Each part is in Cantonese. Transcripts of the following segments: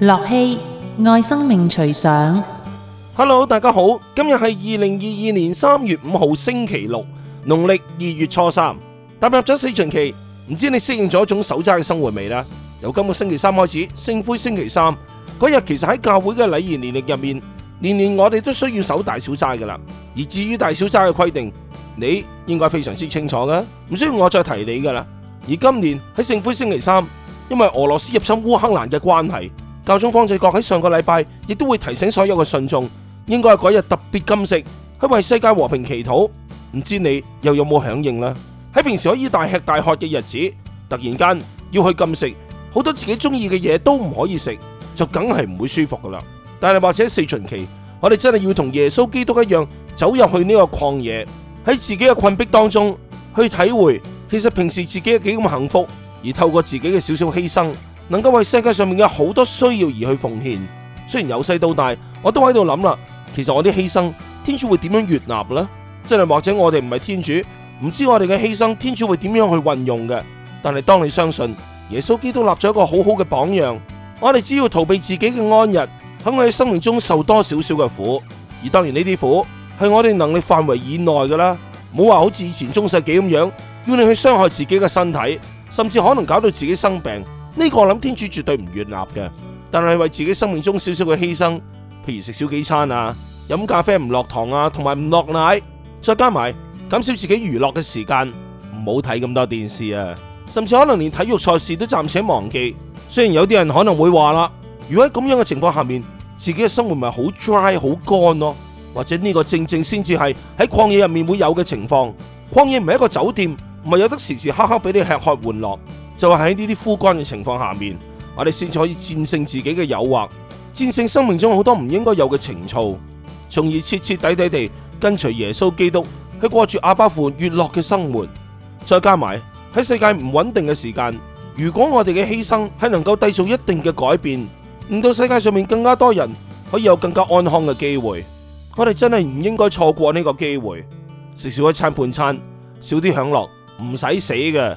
樂器愛生命隨想，Hello，大家好。今日日係二零二二年三月五號星期六，農曆二月初三，踏入咗四旬期。唔知你適應咗一種守齋嘅生活未啦？由今個星期三開始，聖灰星期三嗰日，那天其實喺教會嘅禮儀年曆入面，年年我哋都需要守大小齋噶啦。而至於大小齋嘅規定，你應該非常之清楚嘅，唔需要我再提你噶啦。而今年喺聖灰星期三，因為俄羅斯入侵烏克蘭嘅關係。教宗方濟各喺上個禮拜亦都會提醒所有嘅信眾，應該係嗰日特別禁食，去為世界和平祈禱。唔知你又有冇響應呢？喺平時可以大吃大喝嘅日子，突然間要去禁食，好多自己中意嘅嘢都唔可以食，就梗係唔會舒服噶啦。但係或者四旬期，我哋真係要同耶穌基督一樣，走入去呢個曠野，喺自己嘅困逼當中去體會，其實平時自己有幾咁幸福，而透過自己嘅少少犧牲。能夠為世界上面嘅好多需要而去奉獻。雖然由細到大，我都喺度諗啦，其實我啲犧牲天主會點樣悦納呢？即係或者我哋唔係天主，唔知我哋嘅犧牲天主會點樣去運用嘅。但係當你相信耶穌基督立咗一個好好嘅榜樣，我哋只要逃避自己嘅安逸，等佢喺生命中受多少少嘅苦，而當然呢啲苦係我哋能力範圍以內噶啦，冇話好似以前中世紀咁樣要你去傷害自己嘅身體，甚至可能搞到自己生病。呢個我諗天主絕對唔願意嘅，但係為自己生命中少少嘅犧牲，譬如食少幾餐啊，飲咖啡唔落糖啊，同埋唔落奶，再加埋減少自己娛樂嘅時間，唔好睇咁多電視啊，甚至可能連體育賽事都暫且忘記。雖然有啲人可能會話啦，如果喺咁樣嘅情況下面，自己嘅生活咪好 dry 好乾咯，或者呢個正正先至係喺曠野入面會有嘅情況。曠野唔係一個酒店，唔係有得時時刻刻俾你吃喝玩樂。就係喺呢啲枯乾嘅情況下面，我哋先至可以戰勝自己嘅誘惑，戰勝生命中好多唔應該有嘅情操，從而徹徹底底地跟隨耶穌基督去過住阿爸父悅樂嘅生活。再加埋喺世界唔穩定嘅時間，如果我哋嘅犧牲係能夠締造一定嘅改變，令到世界上面更加多人可以有更加安康嘅機會，我哋真係唔應該錯過呢個機會，食少一餐半餐，少啲享樂，唔使死嘅，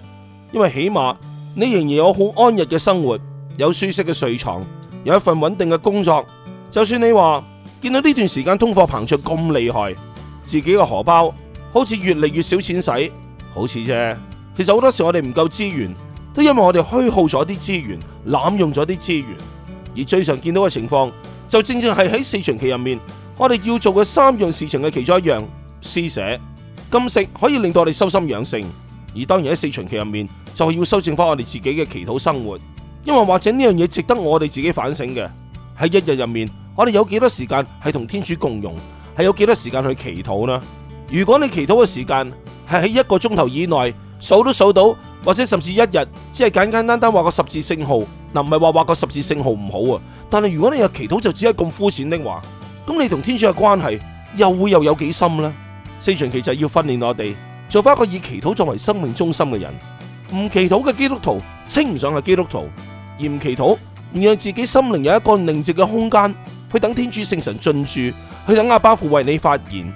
因為起碼。你仍然有好安逸嘅生活，有舒適嘅睡床，有一份穩定嘅工作。就算你話見到呢段時間通貨膨脹咁厲害，自己嘅荷包好似越嚟越少錢使，好似啫。其實好多時我哋唔夠資源，都因為我哋虛耗咗啲資源，濫用咗啲資源。而最常見到嘅情況，就正正係喺四旬期入面，我哋要做嘅三樣事情嘅其中一樣施捨，禁食可以令到我哋修心養性。而當然喺四旬期入面，就係要修正翻我哋自己嘅祈禱生活，因為或者呢樣嘢值得我哋自己反省嘅。喺一日入面，我哋有幾多時間係同天主共融，係有幾多時間去祈禱呢？如果你祈禱嘅時間係喺一個鐘頭以內數都數到，或者甚至一日只係簡簡單單畫個十字聖號，嗱唔係話畫個十字聖號唔好啊，但係如果你嘅祈禱就只係咁膚淺的話，咁你同天主嘅關係又會又有幾深呢？四旬期就係要訓練我哋。做翻一個以祈禱作為生命中心嘅人，唔祈禱嘅基督徒稱唔上係基督徒，而唔祈禱唔讓自己心靈有一個寧靜嘅空間，去等天主聖神進駐，去等阿巴父為你發言，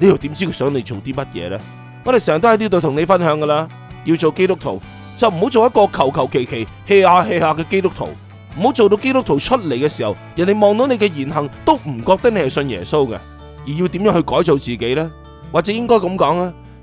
你又點知佢想你做啲乜嘢呢？我哋成日都喺呢度同你分享噶啦，要做基督徒就唔好做一個求求其其、hea 下 hea 下嘅基督徒，唔好做到基督徒出嚟嘅時候，人哋望到你嘅言行都唔覺得你係信耶穌嘅，而要點樣去改造自己呢？或者應該咁講啊，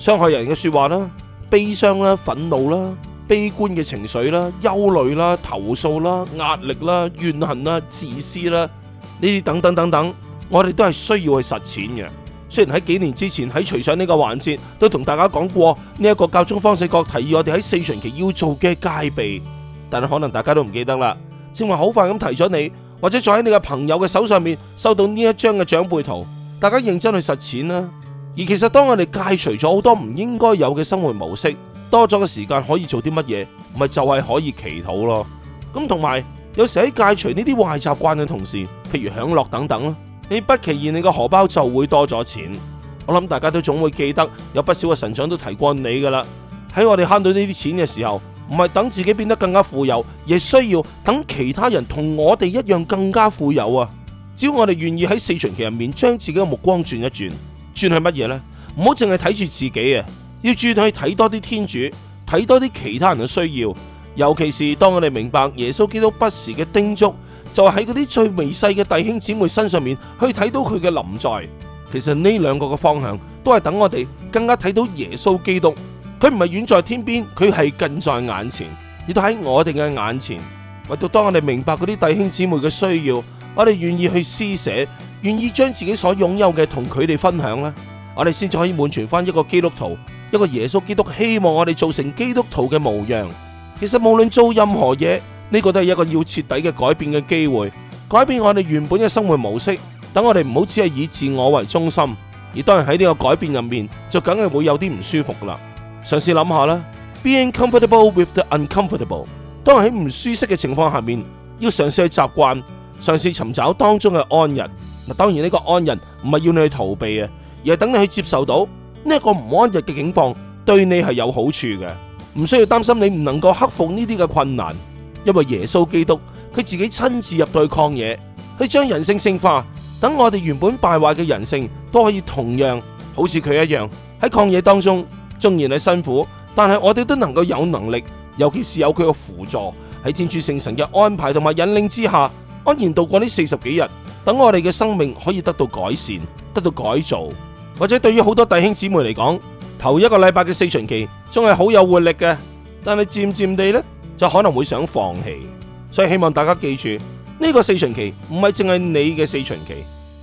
傷害人嘅說話啦，悲傷啦，憤怒啦，悲觀嘅情緒啦，憂慮啦，投訴啦，壓力啦，怨恨啦，自私啦，呢啲等等等等，我哋都係需要去實踐嘅。雖然喺幾年之前喺除上呢個環節，都同大家講過呢一個教宗方濟各提議我哋喺四旬期要做嘅戒備，但係可能大家都唔記得啦。正話好快咁提咗你，或者再喺你嘅朋友嘅手上面收到呢一張嘅長輩圖，大家認真去實踐啦。而其實，當我哋戒除咗好多唔應該有嘅生活模式，多咗嘅時間可以做啲乜嘢？咪就係可以祈禱咯。咁同埋，有時喺戒除呢啲壞習慣嘅同時，譬如享樂等等，你不期然你嘅荷包就會多咗錢。我諗大家都總會記得，有不少嘅神長都提過你噶啦。喺我哋慳到呢啲錢嘅時候，唔係等自己變得更加富有，亦需要等其他人同我哋一樣更加富有啊！只要我哋願意喺四旬期入面，將自己嘅目光轉一轉。轉係乜嘢呢？唔好淨係睇住自己啊！要注意去睇多啲天主，睇多啲其他人嘅需要。尤其是當我哋明白耶穌基督不時嘅叮囑，就係喺嗰啲最微細嘅弟兄姊妹身上面，去睇到佢嘅臨在。其實呢兩個嘅方向，都係等我哋更加睇到耶穌基督，佢唔係遠在天邊，佢係近在眼前，亦都喺我哋嘅眼前。唯獨當我哋明白嗰啲弟兄姊妹嘅需要，我哋願意去施捨。，願意將自己所擁有嘅同佢哋分享咧，我哋先至可以滿全翻一個基督徒，一個耶穌基督希望我哋做成基督徒嘅模樣。其實無論做任何嘢，呢個都係一個要徹底嘅改變嘅機會，改變我哋原本嘅生活模式，等我哋唔好只係以自我為中心。而當然喺呢個改變入面，就梗係會有啲唔舒服啦。嘗試諗下啦，being comfortable with the uncomfortable。當喺唔舒適嘅情況下面，要嘗試去習慣，嘗試尋找當中嘅安逸當然，呢個安人唔係要你去逃避嘅，而係等你去接受到呢一個唔安逸嘅境況對你係有好處嘅，唔需要擔心你唔能夠克服呢啲嘅困難，因為耶穌基督佢自己親自入對曠野，去將人性聖化，等我哋原本敗壞嘅人性都可以同樣好似佢一樣喺曠野當中，縱然係辛苦，但係我哋都能夠有能力，尤其是有佢嘅輔助喺天主聖神嘅安排同埋引領之下，安然度過呢四十幾日。等我哋嘅生命可以得到改善、得到改造，或者對於好多弟兄姊妹嚟講，頭一個禮拜嘅四旬期，仲係好有活力嘅。但係漸漸地咧，就可能會想放棄。所以希望大家記住，呢個四旬期唔係淨係你嘅四旬期，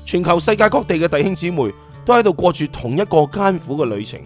全球世界各地嘅弟兄姊妹都喺度過住同一個艱苦嘅旅程。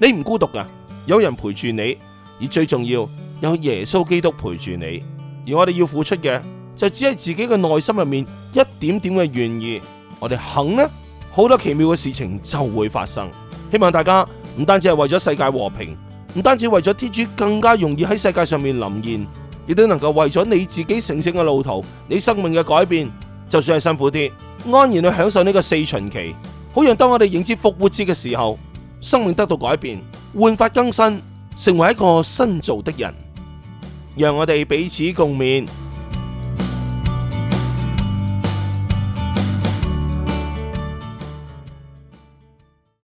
你唔孤獨噶，有人陪住你，而最重要有耶穌基督陪住你。而我哋要付出嘅。就只係自己嘅內心入面一點點嘅願意，我哋肯呢，好多奇妙嘅事情就會發生。希望大家唔單止係為咗世界和平，唔單止為咗天主更加容易喺世界上面臨現，亦都能夠為咗你自己成聖嘅路途、你生命嘅改變，就算係辛苦啲，安然去享受呢個四旬期，好讓當我哋迎接復活節嘅時候，生命得到改變、煥發更新，成為一個新造的人。讓我哋彼此共勉。